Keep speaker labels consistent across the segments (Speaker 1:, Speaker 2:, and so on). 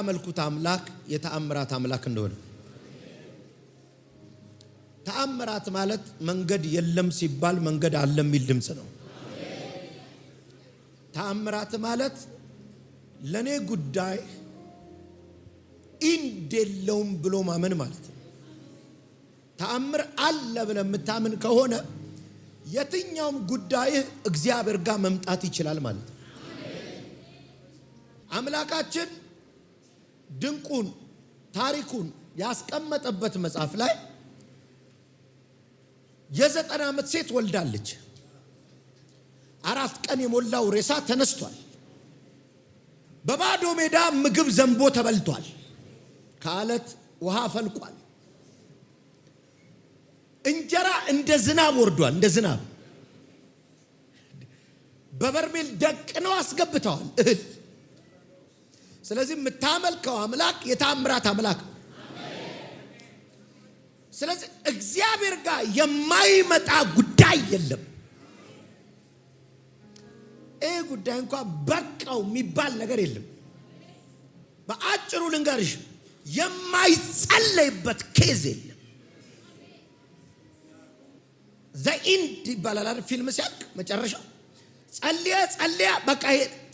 Speaker 1: የምታመልኩት አምላክ የተአምራት አምላክ እንደሆነ ተአምራት ማለት መንገድ የለም ሲባል መንገድ አለ የሚል ድምፅ ነው። ተአምራት ማለት ለእኔ ጉዳይ ኢንድ የለውም ብሎ ማመን ማለት ነው። ተአምር አለ ብለህ የምታምን ከሆነ የትኛውም ጉዳይህ እግዚአብሔር ጋር መምጣት ይችላል ማለት ነው። አምላካችን ድንቁን ታሪኩን ያስቀመጠበት መጽሐፍ ላይ የዘጠና ዓመት ሴት ወልዳለች። አራት ቀን የሞላው ሬሳ ተነስቷል። በባዶ ሜዳ ምግብ ዘንቦ ተበልቷል። ከአለት ውሃ ፈልቋል። እንጀራ እንደ ዝናብ ወርዷል። እንደ ዝናብ በበርሜል ደቅነው አስገብተዋል እህል ስለዚህ የምታመልከው አምላክ የታምራት አምላክ ነው። ስለዚህ እግዚአብሔር ጋር የማይመጣ ጉዳይ የለም። ይህ ጉዳይ እንኳ በቃው የሚባል ነገር የለም። በአጭሩ ልንገርሽ፣ የማይጸለይበት ኬዝ የለም። ዘኢንድ ይባላል ፊልም ሲያቅ መጨረሻው ጸልየ ጸልያ በቃ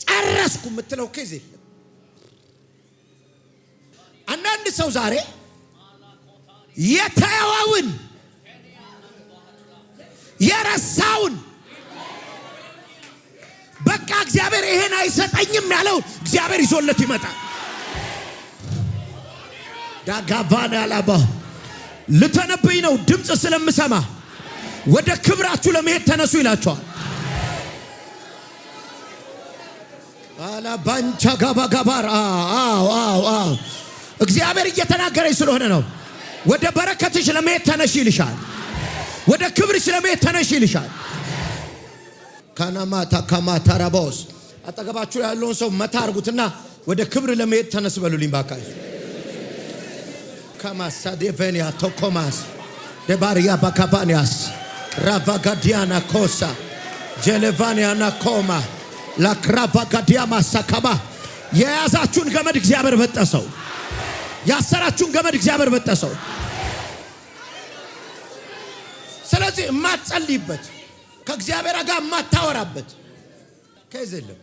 Speaker 1: ጨረስኩ የምትለው ኬዝ የለም። አንድ ሰው ዛሬ የተወውን የረሳውን በቃ እግዚአብሔር ይሄን አይሰጠኝም ያለውን እግዚአብሔር ይዞለት ይመጣል። ዳጋባን ያላባ ልተነብይ ነው ድምፅ ስለምሰማ ወደ ክብራችሁ ለመሄድ ተነሱ ይላቸዋል። አላባንቻ ጋባ ጋባር አዎ አዎ አዎ እግዚአብሔር እየተናገረኝ ስለሆነ ነው። ወደ በረከትሽ ለመሄድ ተነሽ ይልሻል። ወደ ክብርሽ ለመሄድ ተነሽ ይልሻል። ካናማታ ካማታራባውስ አጠገባችሁ ያለውን ሰው መታ አርጉትና ወደ ክብር ለመሄድ ተነስ በሉልኝ ባካል ከማሳ ዴቬንያ ቶኮማስ ደባርያ ባካባንያስ ራቫጋዲያና ኮሳ ጀሌቫንያና ኮማ ላክራቫጋዲያ ማሳካባ የያዛችሁን ገመድ እግዚአብሔር በጠሰው። ያሰራችሁን ገመድ እግዚአብሔር በጠሰው። ስለዚህ የማትጸልይበት ከእግዚአብሔር ጋር የማታወራበት ከይዝ የለም።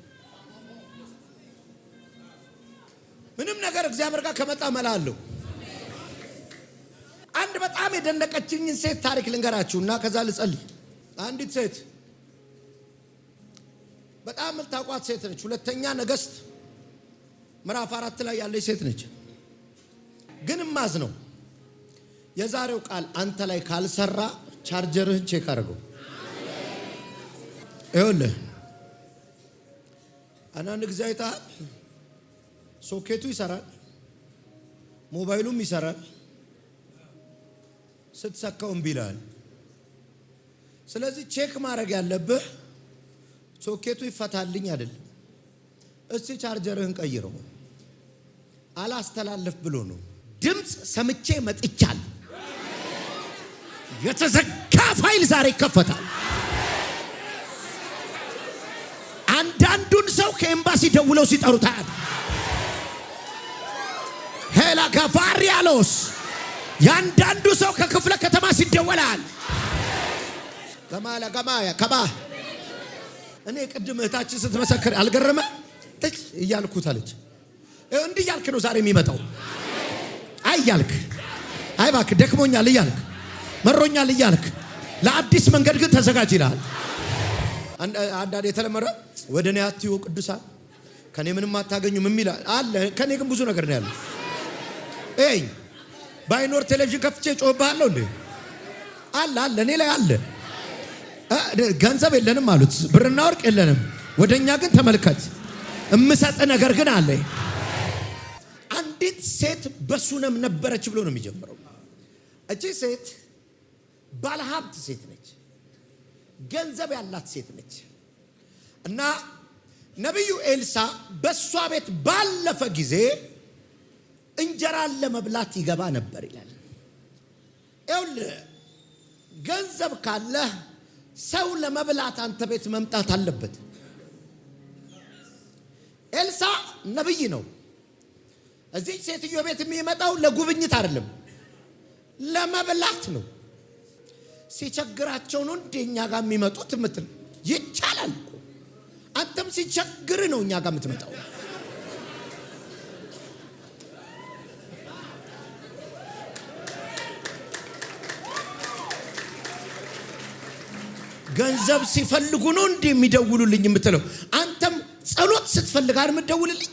Speaker 1: ምንም ነገር እግዚአብሔር ጋር ከመጣ መላ አለው። አንድ በጣም የደነቀችኝን ሴት ታሪክ ልንገራችሁ እና ከዛ ልጸልይ። አንዲት ሴት በጣም የምታውቋት ሴት ነች። ሁለተኛ ነገስት ምዕራፍ አራት ላይ ያለች ሴት ነች። ግን ማዝ ነው የዛሬው ቃል አንተ ላይ ካልሰራ ቻርጀርህን ቼክ አድርገው። ይኸውልህ አንዳንድ ጊዜ አይተሃል፣ ሶኬቱ ይሰራል፣ ሞባይሉም ይሰራል፣ ስትሰካው እምቢ ይልሃል። ስለዚህ ቼክ ማድረግ ያለብህ ሶኬቱ ይፈታልኝ አይደለም፣ እስቲ ቻርጀርህን ቀይረው አላስተላለፍ ብሎ ነው። ድምፅ ሰምቼ መጥቻል። የተዘጋ ፋይል ዛሬ ይከፈታል። አንዳንዱን ሰው ከኤምባሲ ደውለው ሲጠሩታል። ሄላ ገባሪያሎስ የአንዳንዱ ሰው ከክፍለ ከተማ ሲደወላል። ገማላ ገማያ ከባ እኔ ቅድም እህታችን ስትመሰክር አልገረመ እያልኩት አለች። እንዲህ እያልክ ነው ዛሬ የሚመጣው አይ እያልክ አይ እባክህ ደክሞኛል እያልክ መሮኛል እያልክ ለአዲስ መንገድ ግን ተዘጋጅ ይልሃል። አንዳንድ የተለመደ ወደ እኔ አትዩ ቅዱሳን ከኔ ምንም አታገኙም የሚል አለ። ከኔ ግን ብዙ ነገር ነው ያለ። ይ ባይኖር ቴሌቪዥን ከፍቼ ጮባለሁ እንዴ አለ አለ እኔ ላይ አለ። ገንዘብ የለንም አሉት፣ ብርና ወርቅ የለንም፣ ወደ እኛ ግን ተመልከት፣ እምሰጥ ነገር ግን አለ አንዲት ሴት በሱነም ነበረች ብሎ ነው የሚጀምረው። እቺ ሴት ባለሀብት ሴት ነች፣ ገንዘብ ያላት ሴት ነች። እና ነቢዩ ኤልሳ በእሷ ቤት ባለፈ ጊዜ እንጀራን ለመብላት ይገባ ነበር ይላል። ይኸውልህ ገንዘብ ካለህ ሰው ለመብላት አንተ ቤት መምጣት አለበት። ኤልሳ ነቢይ ነው። እዚህ ሴትዮ ቤት የሚመጣው ለጉብኝት አይደለም፣ ለመብላት ነው። ሲቸግራቸው ነው እንደ እኛ ጋር የሚመጡት የምትል ይቻላል አንተም ሲቸግር ነው እኛ ጋር የምትመጣው። ገንዘብ ሲፈልጉ ነው እንዲህ የሚደውሉልኝ የምትለው አንተም ጸሎት ስትፈልግ አይደል የምትደውልልኝ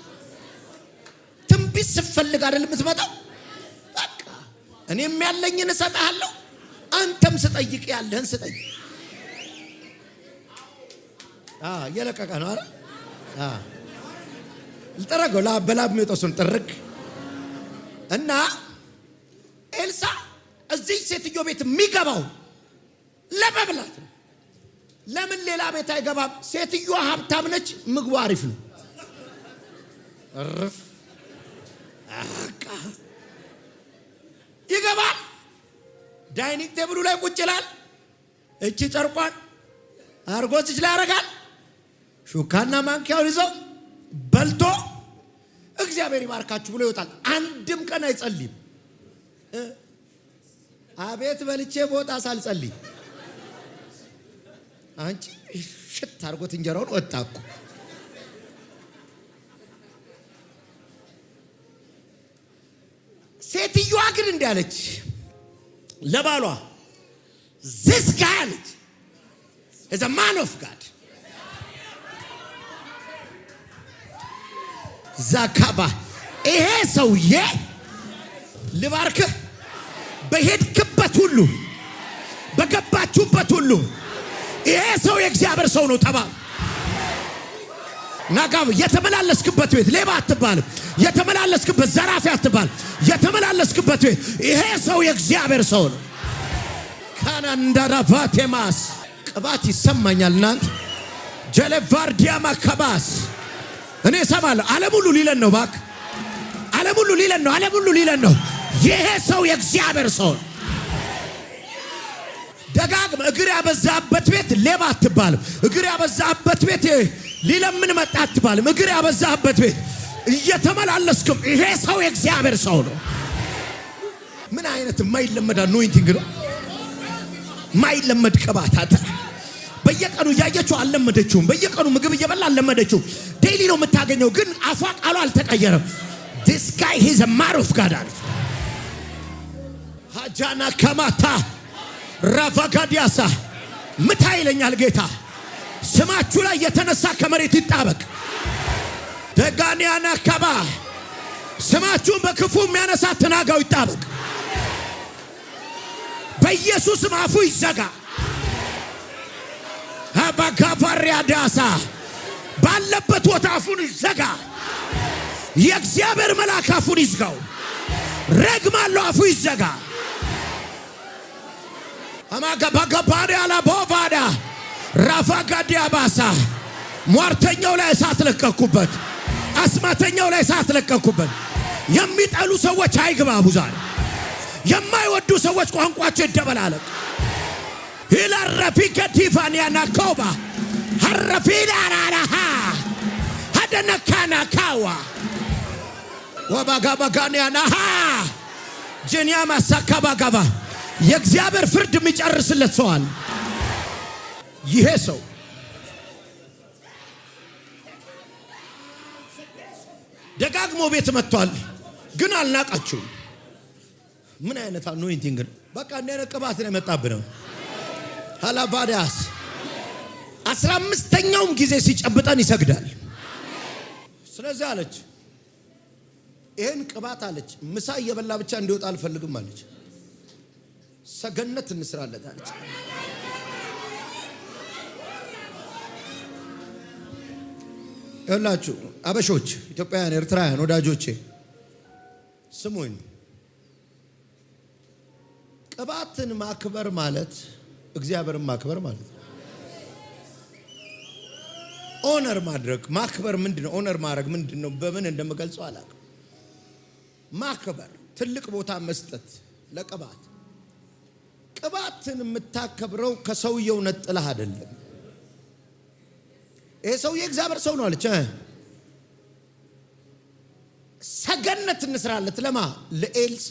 Speaker 1: ስትፈልግ አይደል የምትመጣው። በቃ እኔም ያለኝን እሰጥሃለሁ፣ አንተም ስጠይቅ ያለህን ስጠይቅ። እየለቀቀ ነው አረ ልጠረገው በላብ የሚወጣው ጥርግ እና ኤልሳ እዚህ ሴትዮ ቤት የሚገባው ለመብላት ነው። ለምን ሌላ ቤት አይገባም? ሴትዮ ሀብታም ነች፣ ምግቡ አሪፍ ነው። እርፍ ይገባል። ዳይኒንግ ቴብሉ ላይ ቁጭ ይላል። እቺ ጨርቋን አርጎ እዚች ላይ ያደርጋል። ሹካና ማንኪያውን ይዘው በልቶ እግዚአብሔር ይባርካችሁ ብሎ ይወጣል። አንድም ቀን አይጸልይም። አቤት በልቼ በወጣ ሳልጸልይ አንቺ ሽት አርጎት እንጀራውን ወጣኩ። ሴትዮዋ ግን እንዳለች ለባሏ ዚስ ጋይ አለች ዘ ማን ኦፍ ጋድ ዛካባ ይሄ ሰውዬ ልባርክህ በሄድክበት ሁሉ በገባችሁበት ሁሉ ይሄ ሰው የእግዚአብሔር ሰው ነው ተባሉ። ናጋብ የተመላለስክበት ቤት ሌባ አትባልም። የተመላለስክበት ዘራፊ አትባልም። የተመላለስክበት ቤት ይሄ ሰው የእግዚአብሔር ሰው ነው። ካናንዳራቫቴማስ ቅባት ይሰማኛል። እናንተ ጀለቫርዲያ ከባስ እኔ እሰማለሁ። ዓለም ሁሉ ሊለን ነው። እባክህ ዓለም ሁሉ ሊለን ነው። ዓለም ሁሉ ሊለን ነው። ይሄ ሰው የእግዚአብሔር ሰው ነው። ደጋግም እግር ያበዛበት ቤት ሌባ አትባልም። እግር ያበዛበት ቤት ሊለምን መጣ አትባልም። እግር ያበዛህበት ቤት እየተመላለስክም ይሄ ሰው የእግዚአብሔር ሰው ነው። ምን አይነት የማይለመድ አኖይንቲንግ ነው! ማይለመድ ቅባት በየቀኑ እያየችው አልለመደችውም። በየቀኑ ምግብ እየበላ አልለመደችውም። ዴይሊ ነው የምታገኘው፣ ግን አፏ ቃሉ አልተቀየረም። ዲስ ጋይ ሂዝ ማሩፍ ጋድ ሀጃና ከማታ ራቫጋዲያሳ ምታ ይለኛል ጌታ ስማችሁ ላይ የተነሳ ከመሬት ይጣበቅ። ደጋንያና አካባ ስማችሁን በክፉ የሚያነሳ ትናጋው ይጣበቅ። በኢየሱስም አፉ ይዘጋ። አባጋባሪያ ዳሳ ባለበት ቦታ አፉን ይዘጋ። የእግዚአብሔር መልአክ አፉን ይዝጋው። ረግማለሁ፣ አፉ ይዘጋ። አማጋባጋባሪ አላቦባዳ ራፋ ጋዲያ ሟርተኛው ላይ እሳት ለቀኩበት። አስማተኛው ላይ እሳት ለቀኩበት። የሚጠሉ ሰዎች አይግባቡ። ዛሬ የማይወዱ ሰዎች ቋንቋቸው ይደበላለቅ። ሂላረፊ ከቲፋንያና ከውባ ሀረፊ ሀደነካና ካዋ ወባጋባጋንያናሃ ጀንያ ማሳካባጋባ የእግዚአብሔር ፍርድ የሚጨርስለት ሰዋል ይሄ ሰው ደጋግሞ ቤት መጥቷል፣ ግን አልናቃችሁም። ምን አይነት አኖይንቲንግ ነው! በቃ እንዲህ አይነት ቅባት ነው የመጣብን ነው። አስራ አምስተኛውም ጊዜ ሲጨብጠን ይሰግዳል። ስለዚህ አለች ይህን ቅባት አለች ምሳ እየበላ ብቻ እንዲወጣ አልፈልግም አለች። ሰገነት እንስራለት አለች። ይኸውላችሁ አበሾች፣ ኢትዮጵያውያን፣ ኤርትራውያን ወዳጆቼ ስሙኝ። ቅባትን ማክበር ማለት እግዚአብሔርን ማክበር ማለት ነው። ኦነር ማድረግ ማክበር ምንድን ነው? ኦነር ማድረግ ምንድን ነው? በምን እንደምገልጸው አላውቅም። ማክበር ትልቅ ቦታ መስጠት ለቅባት ቅባትን የምታከብረው ከሰውየው ነጥለህ አይደለም። ይሄ ሰው የእግዚአብሔር ሰው ነው አለች። ሰገነት እንስራለት ለማ ለኤልሳ።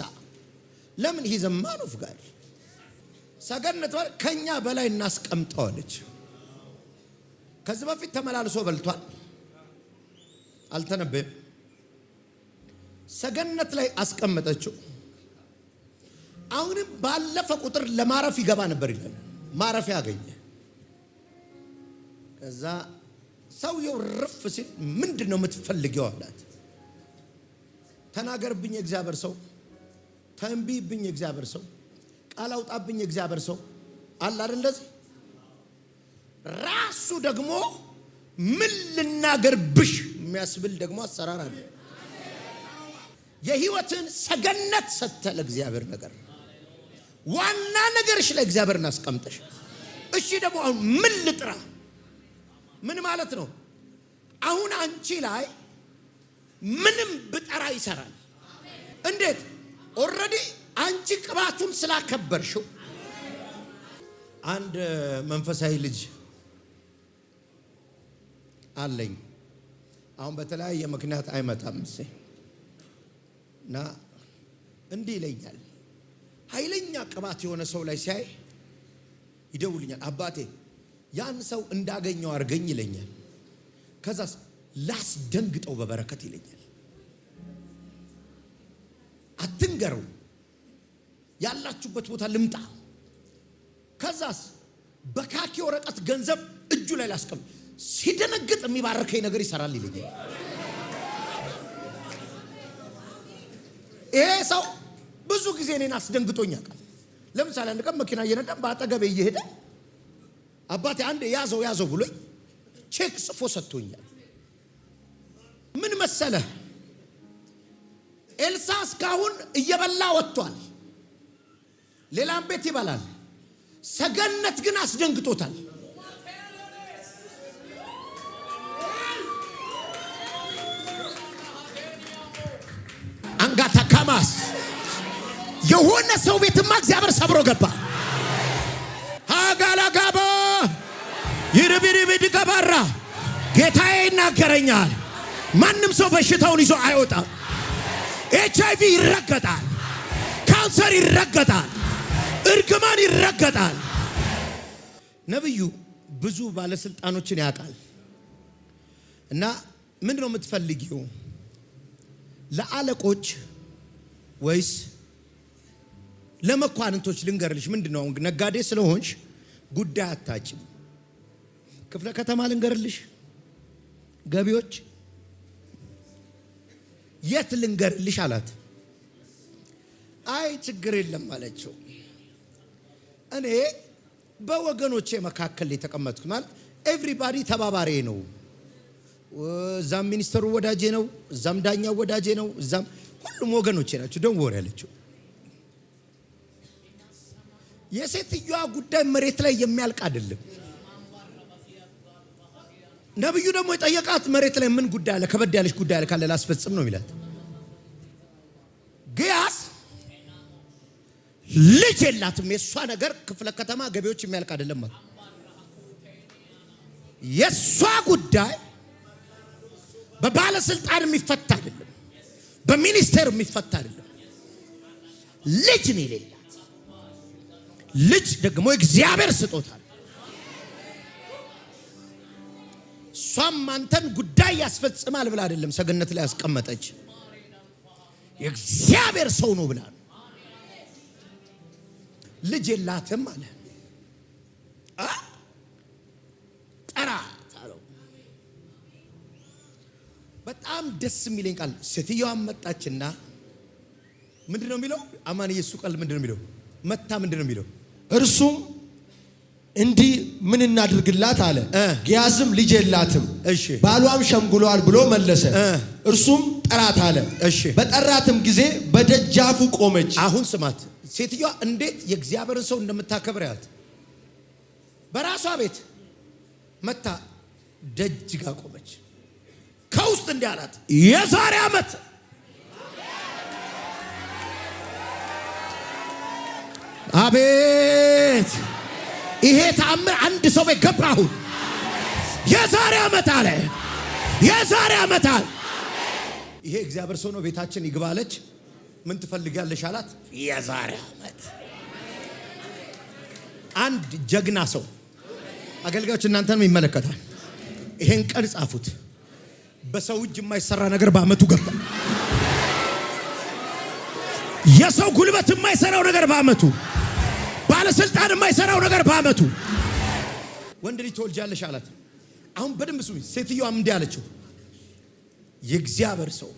Speaker 1: ለምን ይዘማን ፍጋል ሰገነት ማለት ከኛ በላይ እናስቀምጠዋለች። ከዚህ በፊት ተመላልሶ በልቷል፣ አልተነበየም። ሰገነት ላይ አስቀመጠችው። አሁንም ባለፈ ቁጥር ለማረፍ ይገባ ነበር ይላል። ማረፊያ አገኘ ከዛ ሰውየው ርፍ ሲል ምንድን ነው የምትፈልገው አላት። ተናገርብኝ እግዚአብሔር ሰው፣ ተንቢይብኝ እግዚአብሔር ሰው፣ ቃል አውጣብኝ እግዚአብሔር ሰው አለ አይደል? እንደዚህ ራሱ ደግሞ ምን ልናገርብሽ የሚያስብል ደግሞ አሰራር አለ። የህይወትን ሰገነት ሰተ ለእግዚአብሔር ነገር ዋና ነገርሽ ለእግዚአብሔር እናስቀምጠሽ። እሺ ደግሞ አሁን ምን ልጥራ ምን ማለት ነው? አሁን አንቺ ላይ ምንም ብጠራ ይሰራል። እንዴት? ኦልሬዲ አንቺ ቅባቱን ስላከበርሽው። አንድ መንፈሳዊ ልጅ አለኝ። አሁን በተለያየ ምክንያት አይመጣም እና እንዲህ ይለኛል። ኃይለኛ ቅባት የሆነ ሰው ላይ ሲያይ ይደውልኛል። አባቴ ያን ሰው እንዳገኘው አድርገኝ ይለኛል። ከዛስ ላስደንግጠው በበረከት ይለኛል። አትንገረው፣ ያላችሁበት ቦታ ልምጣ። ከዛስ በካኪ ወረቀት ገንዘብ እጁ ላይ ላስቀም፣ ሲደነግጥ የሚባርከኝ ነገር ይሰራል ይለኛል። ይሄ ሰው ብዙ ጊዜ እኔን አስደንግጦኝ ለምሳሌ አንድ ቀን መኪና እየነዳን በአጠገቤ እየሄደ አባቴ አንድ ያዘው ያዘው ብሎኝ ቼክ ጽፎ ሰጥቶኛል። ምን መሰለ ኤልሳ እስካሁን እየበላ ወጥቷል። ሌላም ቤት ይበላል። ሰገነት ግን አስደንግጦታል። አንጋታ ካማስ የሆነ ሰው ቤትማ እግዚአብሔር ሰብሮ ገባ። ሀጋላጋባ ይርቢርቢ ድቀባራ ጌታዬ ይናገረኛል። ማንም ሰው በሽታውን ይዞ አይወጣም። ኤች አይቪ ይረገጣል፣ ካንሰር ይረገጣል፣ እርግማን ይረገጣል። ነቢዩ ብዙ ባለስልጣኖችን ያውቃል እና ምንድን ነው የምትፈልጊው? ለአለቆች ወይስ ለመኳንንቶች? ልንገርልሽ ምንድን ነው ነጋዴ ስለሆንሽ ጉዳይ አታጭም ክፍለ ከተማ ልንገርልሽ፣ ገቢዎች የት ልንገርልሽ አላት። አይ ችግር የለም አለችው። እኔ በወገኖቼ መካከል የተቀመጥኩ ማለት ኤቭሪባዲ ተባባሪ ነው። እዛም ሚኒስተሩ ወዳጄ ነው፣ እዛም ዳኛው ወዳጄ ነው፣ እዛም ሁሉም ወገኖቼ ናቸው። ደን ወር ያለችው የሴትዮዋ ጉዳይ መሬት ላይ የሚያልቅ አይደለም። ነብዩ ደግሞ የጠየቃት መሬት ላይ ምን ጉዳይ አለ? ከበድ ያለች ጉዳይ አለ ካለ ላስፈጽም ነው ይላት። ግያስ ልጅ የላትም። የእሷ ነገር ክፍለ ከተማ ገቢዎች የሚያልቅ አይደለም። የእሷ ጉዳይ በባለስልጣን የሚፈታ አይደለም። በሚኒስቴር የሚፈታ አይደለም። ልጅ ነው የሌላት። ልጅ ደግሞ እግዚአብሔር ስጦታ እሷም አንተን ጉዳይ ያስፈጽማል ብላ አይደለም ሰገነት ላይ ያስቀመጠች የእግዚአብሔር ሰው ነው ብላ ልጅ የላትም አለ ጠራ በጣም ደስ የሚለኝ ቃል ሴትየዋ መጣችና ምንድነው የሚለው አማን የሱ ቃል ምንድነው ነው የሚለው መታ ምንድነው ነው የሚለው እርሱም እንዲህ ምን እናድርግላት አለ። ግያዝም ልጅ የላትም ባሏም ሸምግሏል ብሎ መለሰ። እርሱም ጠራት አለ። በጠራትም ጊዜ በደጃፉ ቆመች። አሁን ስማት፣ ሴትዮዋ እንዴት የእግዚአብሔርን ሰው እንደምታከብር ያት በራሷ ቤት መታ ደጅ ጋር ቆመች። ከውስጥ እንዲህ አላት፣ የዛሬ ዓመት አቤት ይሄ ተአምር አንድ ሰው ቤት ገባ። አሁን የዛሬ ዓመት አለ የዛሬ ዓመት አለ ይሄ እግዚአብሔር ሰው ነው። ቤታችን ይግባለች። ምን ትፈልጋለሽ አላት። የዛሬ ዓመት አንድ ጀግና ሰው አገልጋዮች እናንተንም ይመለከታል። ይሄን ቀን ጻፉት። በሰው እጅ የማይሰራ ነገር በአመቱ ገባ። የሰው ጉልበት የማይሰራው ነገር በአመቱ ባለስልጣን የማይሰራው ነገር በአመቱ ወንድ ልጅ ትወልጃለሽ አላት። አሁን በደንብ ስሚ። ሴትዮዋም እንዲህ አለችው፣ የእግዚአብሔር ሰው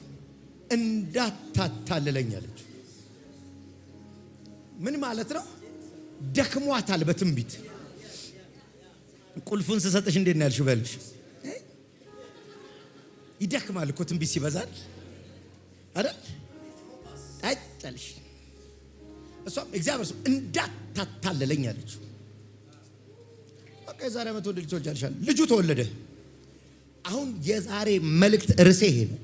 Speaker 1: እንዳታታልለኝ አለች። ምን ማለት ነው? ደክሟታል። በትንቢት ቁልፉን ስሰጥሽ እንዴት ነው ያልሽው? በልሽ ይደክማል እኮ ትንቢት ሲበዛል አይደል? ጠጠልሽ እሷም እግዚአብሔር ሰው አታታለለኝ አለች። በቃ የዛሬ ዓመት ወንድ ልጅ ትወልጃለሽ፣ ልጁ ተወለደ። አሁን የዛሬ መልእክት ርዕሴ ይሄ ነው።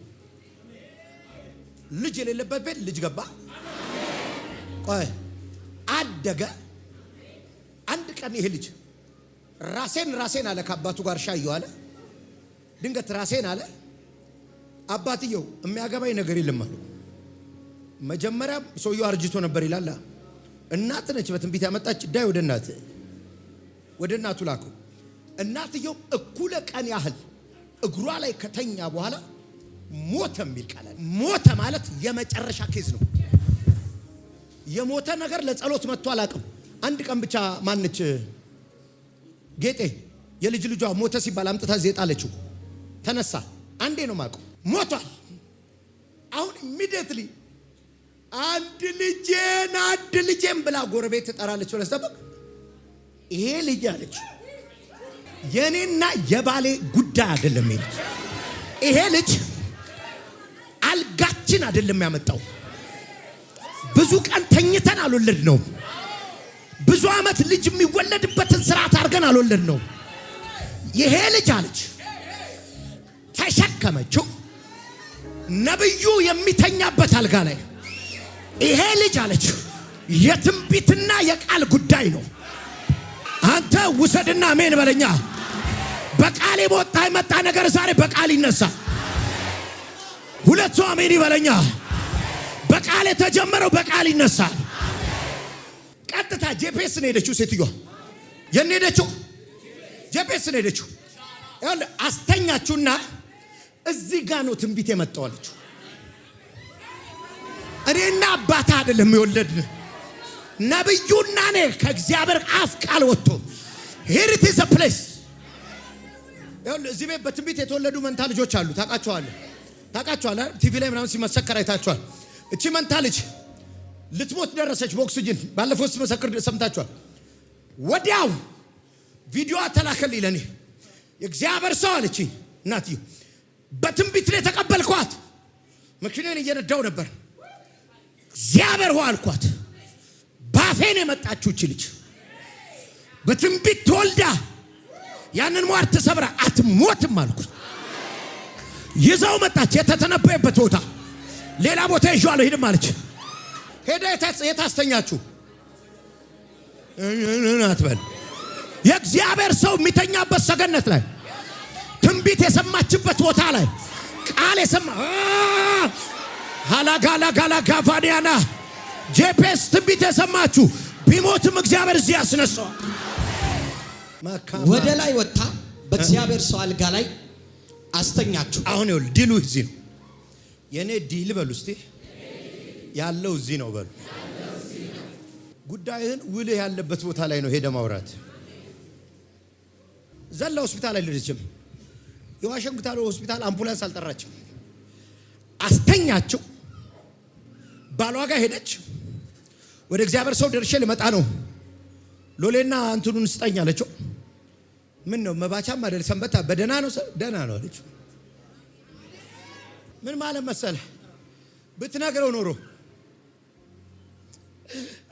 Speaker 1: ልጅ የሌለበት ቤት ልጅ ገባ፣ ቆይ አደገ። አንድ ቀን ይሄ ልጅ ራሴን ራሴን አለ ከአባቱ ጋር ሻየው አለ። ድንገት ራሴን አለ አባትየው የሚያገባኝ ነገር የለም አሉ። መጀመሪያ ሰውየው አርጅቶ ነበር ይላል እናት ነች በትንቢት ያመጣች ዳይ ወደ እናት ወደ እናቱ ላኩ። እናትየው እኩለ ቀን ያህል እግሯ ላይ ከተኛ በኋላ ሞተ የሚል ቃል አለ። ሞተ ማለት የመጨረሻ ኬዝ ነው። የሞተ ነገር ለጸሎት መጥቶ አላቅም። አንድ ቀን ብቻ ማንች ጌጤ የልጅ ልጇ ሞተ ሲባል አምጥታ ዜጣ አለችው። ተነሳ። አንዴ ነው ማቁ ሞቷል። አሁን ኢሚዲየትሊ አንድ ልጄን አንድ ልጄን ብላ ጎረቤት ትጠራለች ብለህ ስጠብቅ ይሄ ልጅ አለች የእኔና የባሌ ጉዳይ አይደለም። ይሄ ልጅ ይሄ ልጅ አልጋችን አይደለም ያመጣው። ብዙ ቀን ተኝተን አልወለድ ነው። ብዙ ዓመት ልጅ የሚወለድበትን ስርዓት አድርገን አልወለድ ነው። ይሄ ልጅ አለች ተሸከመችው ነብዩ የሚተኛበት አልጋ ላይ ይሄ ልጅ አለች የትንቢትና የቃል ጉዳይ ነው። አንተ ውሰድና ሜን በለኛ። በቃል የወጣ የመጣ ነገር ዛሬ በቃል ይነሳ። ሁለት ሰው አሜን ይበለኛ። በቃል የተጀመረው በቃል ይነሳል። ቀጥታ ጄፔስ ነው ሄደችው። ሴትዮዋ የኔ ሄደችው ጄፔስ ነው ሄደችው። አስተኛችሁና እዚህ ጋ ነው ትንቢት የመጣው አለችው እኔና አባት አይደለም የወለድን ነብዩና እኔ ከእግዚአብሔር አፍ ቃል ወጥቶ ሄር ኢት ኢዝ ፕሌስ እዚህ ቤት በትንቢት የተወለዱ መንታ ልጆች አሉ። ታቃቸዋለ ታቃቸዋለ ቲቪ ላይ ምናምን ሲመሰከር አይታቸዋል። እቺ መንታ ልጅ ልትሞት ደረሰች በኦክስጅን ባለፈው ስትመሰክር ሰምታችኋል። ወዲያው ቪዲዮ ተላከልኝ ለእኔ የእግዚአብሔር ሰው አለች እናትዬ። በትንቢት ላይ ተቀበልኳት። መኪናን እየነዳው ነበር እግዚአብሔር ሆ አልኳት። ባፌን የመጣችሁ እች ልጅ በትንቢት ተወልዳ ያንን ሟር ተሰብራ አትሞትም አልኩት። ይዘው መጣች። የተተነበየበት ቦታ ሌላ ቦታ ይዤዋለሁ ሂድም አለች። ሄደ የታስተኛችሁ አትበል። የእግዚአብሔር ሰው የሚተኛበት ሰገነት ላይ ትንቢት የሰማችበት ቦታ ላይ ቃል የሰማ ሃላጋላጋላጋቫንያና ጄፔስ ትንቢት የሰማችሁ ቢሞትም እግዚአብሔር እዚህ ያስነሳዋል። ወደ ላይ ወጥታ በእግዚአብሔር ሰው አልጋ ላይ አስተኛችሁ። አሁን ይኸውልህ ዲሉ እዚህ ነው። የእኔ ዲል በሉ እስቲ ያለው እዚህ ነው በሉ። ጉዳይህን ውልህ ያለበት ቦታ ላይ ነው ሄደ ማውራት ዘላ ሆስፒታል አይደለችም። የዋሽንግተን ሆስፒታል አምቡላንስ አልጠራችም። አስተኛቸው ባሏ ጋር ሄደች። ወደ እግዚአብሔር ሰው ደርሼ ልመጣ ነው፣ ሎሌና እንትኑን ስጠኝ አለችው። ምን ነው መባቻም አይደል ሰንበታ፣ በደህና ነው ደህና ነው አለችው። ምን ማለት መሰለ ብትነግረው ኖሮ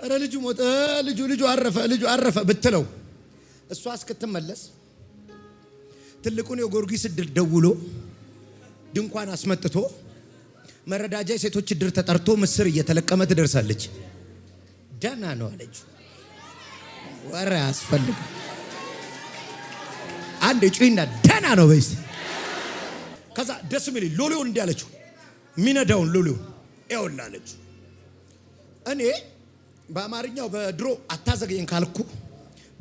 Speaker 1: እረ ልጁ ሞተ፣ ልጁ ልጁ አረፈ፣ ልጁ አረፈ ብትለው እሷ እስክትመለስ ትልቁን የጎርጊስ እድል ደውሎ ድንኳን አስመጥቶ መረዳጃ የሴቶች እድር ተጠርቶ ምስር እየተለቀመ ትደርሳለች። ደህና ነው አለች። ወሬ አያስፈልግም። አንድ ጩና ደህና ነው በይስ። ከዛ ደስ የሚል ሎሌውን እንዲህ አለችው፣ ሚነዳውን ሎሌውን ይኸውልህ አለችው፣ እኔ በአማርኛው በድሮ አታዘግየን ካልኩ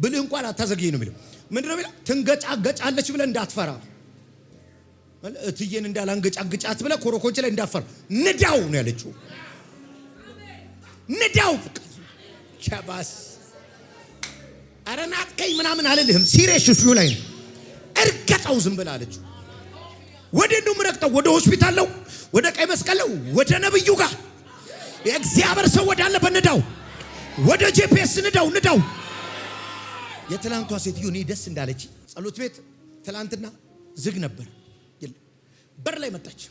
Speaker 1: ብልህ እንኳን አታዘግየኝ ነው የሚለው። ምንድነው የሚለው? ትንገጫገጫለች ብለህ እንዳትፈራ እትዬን እንዳላንገጫንግጫት ብለ ኮረኮንች ላይ እንዳፈር ንዳው ነው ያለችው። ንዳው ሸባስ ኧረ ናጥቀኝ ምናምን አልልህም። ሲሬሽ ፊዩ ላይ ነው እርገጠው ዝም ብላ አለችው። ወደ እንዱ ምረግጠው ወደ ሆስፒታል ነው ወደ ቀይ መስቀል ነው ወደ ነብዩ ጋር የእግዚአብሔር ሰው ወዳለበት ንዳው፣ ወደ ጄፒኤስ ንዳው፣ ንዳው። የትላንቷ ሴትዮ እኔ ደስ እንዳለች ጸሎት ቤት ትላንትና ዝግ ነበር። በር ላይ መጣች።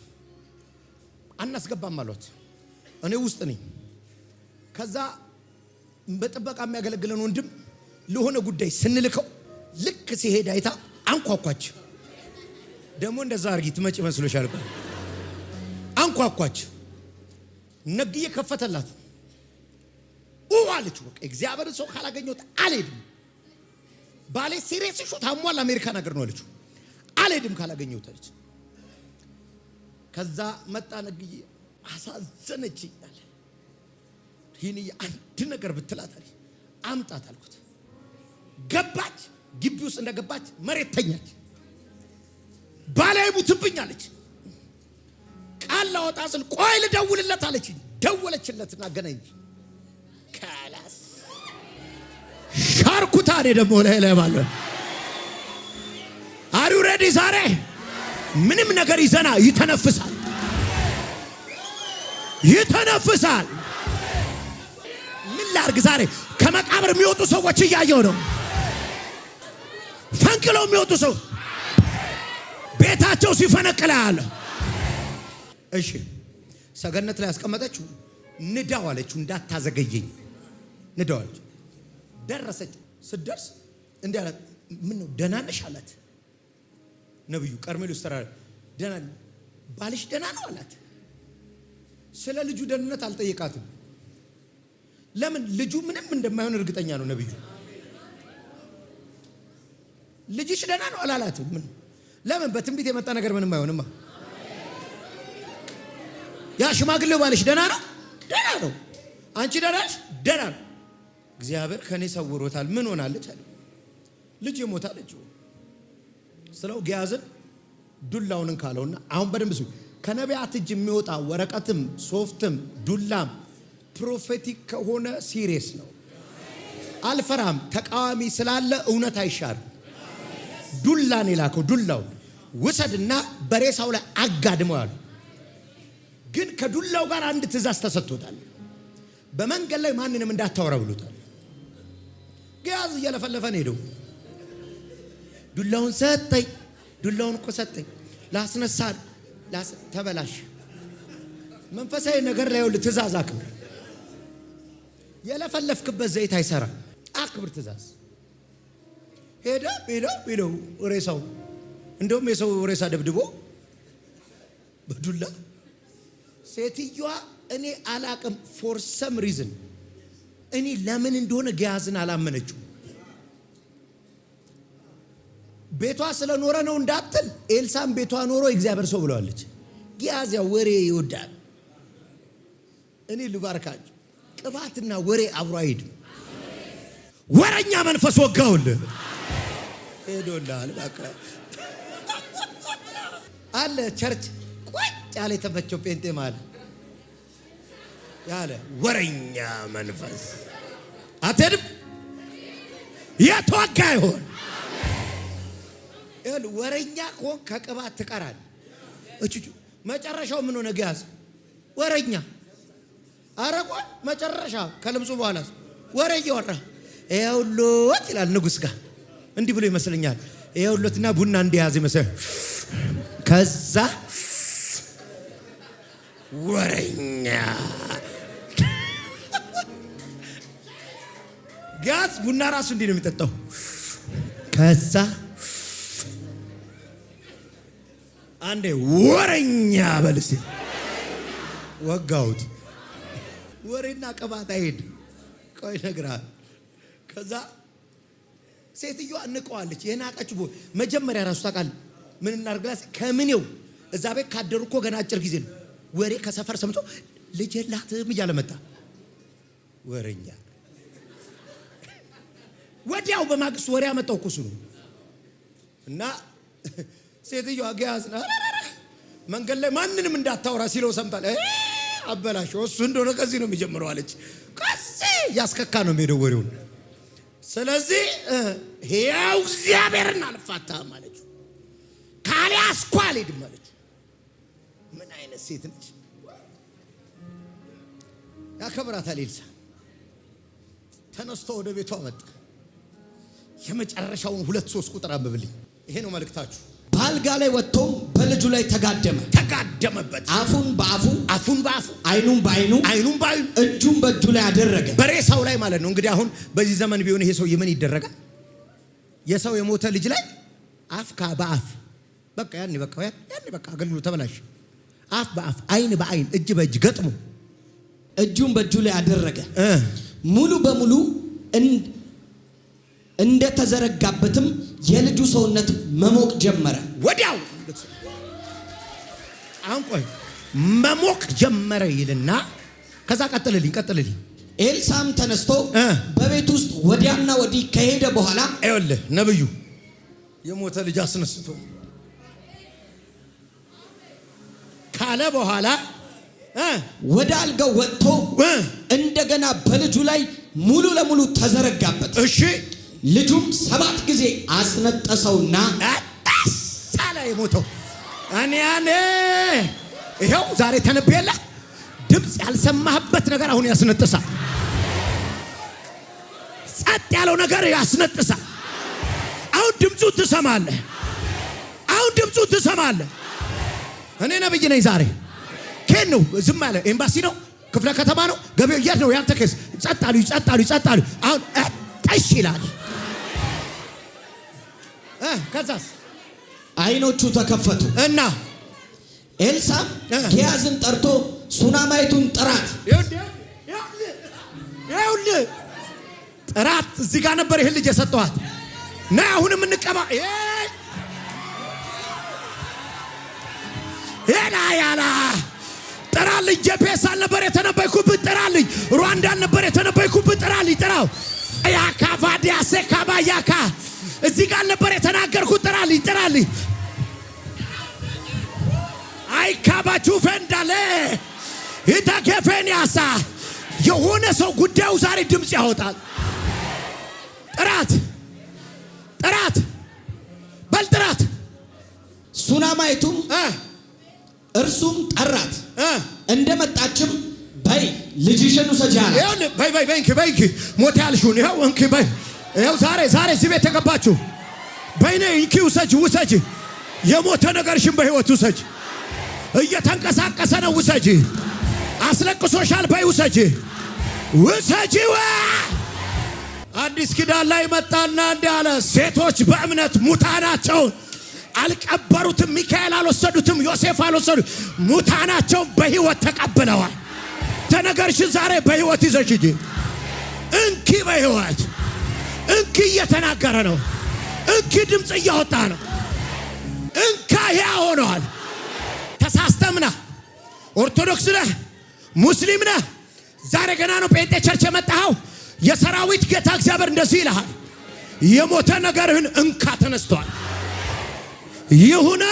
Speaker 1: አናስገባም አሏት። እኔ ውስጥ ነኝ። ከዛ በጥበቃ የሚያገለግለን ወንድም ለሆነ ጉዳይ ስንልከው ልክ ሲሄድ አይታ አንኳኳች። ደግሞ እንደዛ አርጊ ትመጪ መስሎሻል። አንኳኳች። ነግዬ ከፈተላት አለች። በቃ እግዚአብሔር ሰው ካላገኘሁት አልሄድም። ባሌ ሲሬስ ሹት አሟል አሜሪካን ሀገር ነው አለችው። አልሄድም ካላገኘሁት አለች። ከዛ መጣ ነግዬ አሳዘነች ይላል። ይህን አንድ ነገር ብትላት አለ አምጣት አልኩት። ገባች፣ ግቢ ውስጥ እንደገባች መሬት ተኛች። ባላይ ይሙትብኝ አለች። ቃል ላወጣ ስል ቆይ ልደውልለት አለች። ደወለችለትና ገናኝ ከላስ ሻርኩታ ደግሞ ላይ ላይ ባለ አሪው ሬዲ ዛሬ ምንም ነገር ይዘና ይተነፍሳል ይተነፍሳል። ምን ላርግ? ዛሬ ከመቃብር የሚወጡ ሰዎች እያየው ነው። ፈንቅለው የሚወጡ ሰው ቤታቸው ሲፈነቅለ አለ። እሺ ሰገነት ላይ ያስቀመጠችው ንዳው አለችው፣ እንዳታዘገየኝ ንዳው አለችው። ደረሰች። ስደርስ እንዲህ አላት፣ ምን ደህና ነሽ አላት። ነብዩ ቀርሜሎስ ተራራ ደና ባልሽ ደና ነው አላት። ስለ ልጁ ደህንነት አልጠየቃትም። ለምን ልጁ ምንም እንደማይሆን እርግጠኛ ነው ነብዩ። ልጅሽ ደና ነው አላላትም። ምን ለምን? በትንቢት የመጣ ነገር ምንም አይሆንማ። ያ ሽማግሌው ባልሽ ደና ነው? ደና ነው። አንቺ ደና ነሽ? ደና ነው። እግዚአብሔር ከኔ ሰውሮታል። ምን ሆናለች? ልጅ ሞታለች። ስለው ጊያዝን ዱላውን እንካለውና አሁን በደንብ ስ ከነቢያት እጅ የሚወጣ ወረቀትም ሶፍትም ዱላም ፕሮፌቲክ ከሆነ ሲሪየስ ነው። አልፈራም። ተቃዋሚ ስላለ እውነት አይሻርም። ዱላን የላከው ዱላው ውሰድና በሬሳው ላይ አጋድመው አሉ። ግን ከዱላው ጋር አንድ ትእዛዝ ተሰጥቶታል። በመንገድ ላይ ማንንም እንዳታወራ ብሎታል። ጊያዝ እየለፈለፈን ሄደው ዱላውን ሰጠኝ። ዱላውን እኮ ሰጠኝ ላስነሳ ተበላሽ መንፈሳዊ ነገር ላይ ሁሉ ትእዛዝ አክብር። የለፈለፍክበት ዘይት አይሰራ። አክብር ትእዛዝ። ሄደ ሄደ ሄደው ሬሳው እንደውም የሰው ሬሳ ደብድቦ በዱላ ሴትዮዋ እኔ አላቅም። ፎር ሰም ሪዝን እኔ ለምን እንደሆነ ገያዝን አላመነችው ቤቷ ስለኖረ ነው እንዳትል፣ ኤልሳም ቤቷ ኖሮ እግዚአብሔር ሰው ብለዋለች። ጊያዚያ ወሬ ይወዳል። እኔ ልባርካችሁ፣ ቅባትና ወሬ አብሮ አይሄድም። ወረኛ መንፈስ ወጋውልህ ሄዶላል። አለ ቸርች ቁጭ ያለ የተፈቸው ጴንጤ ማለ ያለ ወረኛ መንፈስ አትሄድም። የተወጋ ይሆን ወረኛ ከሆን ከቅባት ትቀራል። መጨረሻው ምን ሆነ? ገያዝ ወረኛ አረቆ መጨረሻ ከልምጹ በኋላ ወሬ እያወራ ይኸውልዎት ይላል ንጉሥ ጋር እንዲህ ብሎ ይመስለኛል። ይኸውልዎትና ቡና እንዲያዝ ይመስል ከዛ ወረኛ ጋዝ ቡና ራሱ እንዲህ ነው የሚጠጣው ከዛ አንዴ ወረኛ በልሴ ወጋሁት። ወሬና ቅባት አይሄድ። ቆይ ነግራል። ከዛ ሴትዮዋ እንቀዋለች። የናቀች መጀመሪያ ራሱ ታቃል ምን እናድርግ ላስ ከምኔው እዛ ቤት ካደሩ እኮ ገና አጭር ጊዜ ነው። ወሬ ከሰፈር ሰምቶ ልጅ የላትም እያለ መጣ። ወረኛ ወዲያው በማግስት ወሬ አመጣው እኮ እሱ ነው እና ሴትዮዋ ገያዝ ና መንገድ ላይ ማንንም እንዳታወራ ሲለው ሰምታል። አበላሸው እሱ እንደሆነ ከዚህ ነው የሚጀምረው አለች። ከዚህ ያስከካ ነው የሚሄደው ወሬውን። ስለዚህ ያው እግዚአብሔርን አልፋታህም አለችው። ካልያዝኩ አልሄድም አለችው። ምን አይነት ሴት ነች? ያከብራታል ኤልሳ። ተነስቶ ወደ ቤቷ መጣ። የመጨረሻውን ሁለት ሶስት ቁጥር አንብብልኝ። ይሄ ነው መልእክታችሁ። በአልጋ ላይ ወጥቶ በልጁ ላይ ተጋደመ ተጋደመበት። አፉን በአፉ አፉን በአፉ አይኑን በአይኑ አይኑን በአይኑ እጁን በእጁ ላይ አደረገ፣ በሬሳው ላይ ማለት ነው። እንግዲህ አሁን በዚህ ዘመን ቢሆን ይሄ ሰውዬ ምን ይደረጋል? የሰው የሞተ ልጅ ላይ አፍ በአፍ በቃ ያን በቃ ያን በቃ አገልግሎ ተበላሽ። አፍ በአፍ አይን በአይን እጅ በእጅ ገጥሞ እጁን በእጁ ላይ አደረገ ሙሉ በሙሉ እንደተዘረጋበትም የልጁ ሰውነት መሞቅ ጀመረ። ወዲያው አሁን ቆይ መሞቅ ጀመረ ይልና ከዛ ቀጥልልኝ፣ ቀጥልልኝ። ኤልሳም ተነስቶ በቤት ውስጥ ወዲያና ወዲህ ከሄደ በኋላ ይኸውልህ ነብዩ የሞተ ልጅ አስነስቶ ካለ በኋላ ወደ አልጋው ወጥቶ እንደገና በልጁ ላይ ሙሉ ለሙሉ ተዘረጋበት። እሺ ልጁም ሰባት ጊዜ አስነጠሰውና ጠሳ ላይ የሞተው እኔ ያኔ ይኸው ዛሬ ተነብየላ ድምፅ ያልሰማህበት ነገር አሁን ያስነጥሳል። ጸጥ ያለው ነገር ያስነጥሳል። አሁን ድምፁ ትሰማለህ። አሁን ድምፁ ትሰማለህ። እኔ ነብይ ነኝ። ዛሬ ኬን ነው ዝም አለ። ኤምባሲ ነው፣ ክፍለ ከተማ ነው፣ ገበያ ነው። ያንተ ኬስ ጸጥ አሉ፣ ጸጥ አሉ፣ ጸጥ አሉ። አሁን ጠሽ ይላል። ከዛስ አይኖቹ ተከፈቱ እና ኤልሳዕ ጊያዝን ጠርቶ ሱናማይቱን ጥራት ይኸውልህ ጥራት እዚህ ጋር ነበር ይህን ልጅ የሰጠኋት ና አሁንም እንቀባ ሄዳ ያላ ጥራልኝ ጄፒኤስ አልነበር የተነበይኩብህ ጥራልኝ ሩዋንዳ አልነበር የተነበይኩብህ ጥራልኝ ጥራው ያካ ቫዲያሴ ካባ ያካ እዚህ ጋር ነበር የተናገርኩት። ጥራልኝ ጥራልኝ። አይካባችሁ ፈንዳለ ይታከፈንያሳ የሆነ ሰው ጉዳዩ ዛሬ ድምፅ ያወጣል። ጥራት ጥራት በል ጥራት። ሱናማይቱ እርሱም ጠራት፣ እንደመጣችም መጣችም በይ ልጅሽን ውሰጂ አላት። በይ በይ በይ በይ ሞት ያልሽውን ይኸው እንኪ በይ ይኸው ዛሬ ዛሬ እዚህ ቤት ተገባችሁ። በይኔ ይኪ ውሰጅ ውሰጅ። የሞተ ነገርሽን በሕይወት ውሰጅ። እየተንቀሳቀሰ ነው ውሰጅ። አስለቅሶሻል በይ ውሰጅ ውሰጅ። አዲስ ኪዳን ላይ መጣና እንዲህ አለ፣ ሴቶች በእምነት ሙታናቸውን አልቀበሩትም፣ ሚካኤል አልወሰዱትም፣ ዮሴፍ አልወሰዱት፣ ሙታናቸውን በሕይወት ተቀብለዋል። ተነገርሽን ዛሬ በሕይወት ይዘሽ እንኪ በሕይወት እንኪ እየተናገረ ነው። እንኪ ድምፅ እያወጣ ነው። እንካ ያ ሆነዋል። ተሳስተምና ኦርቶዶክስ ነህ፣ ሙስሊም ነህ፣ ዛሬ ገና ነው ጴንጤ ቸርች የመጣኸው። የሰራዊት ጌታ እግዚአብሔር እንደዚህ ይልሃል፣ የሞተ ነገርህን እንካ ተነስቷል ይሁነ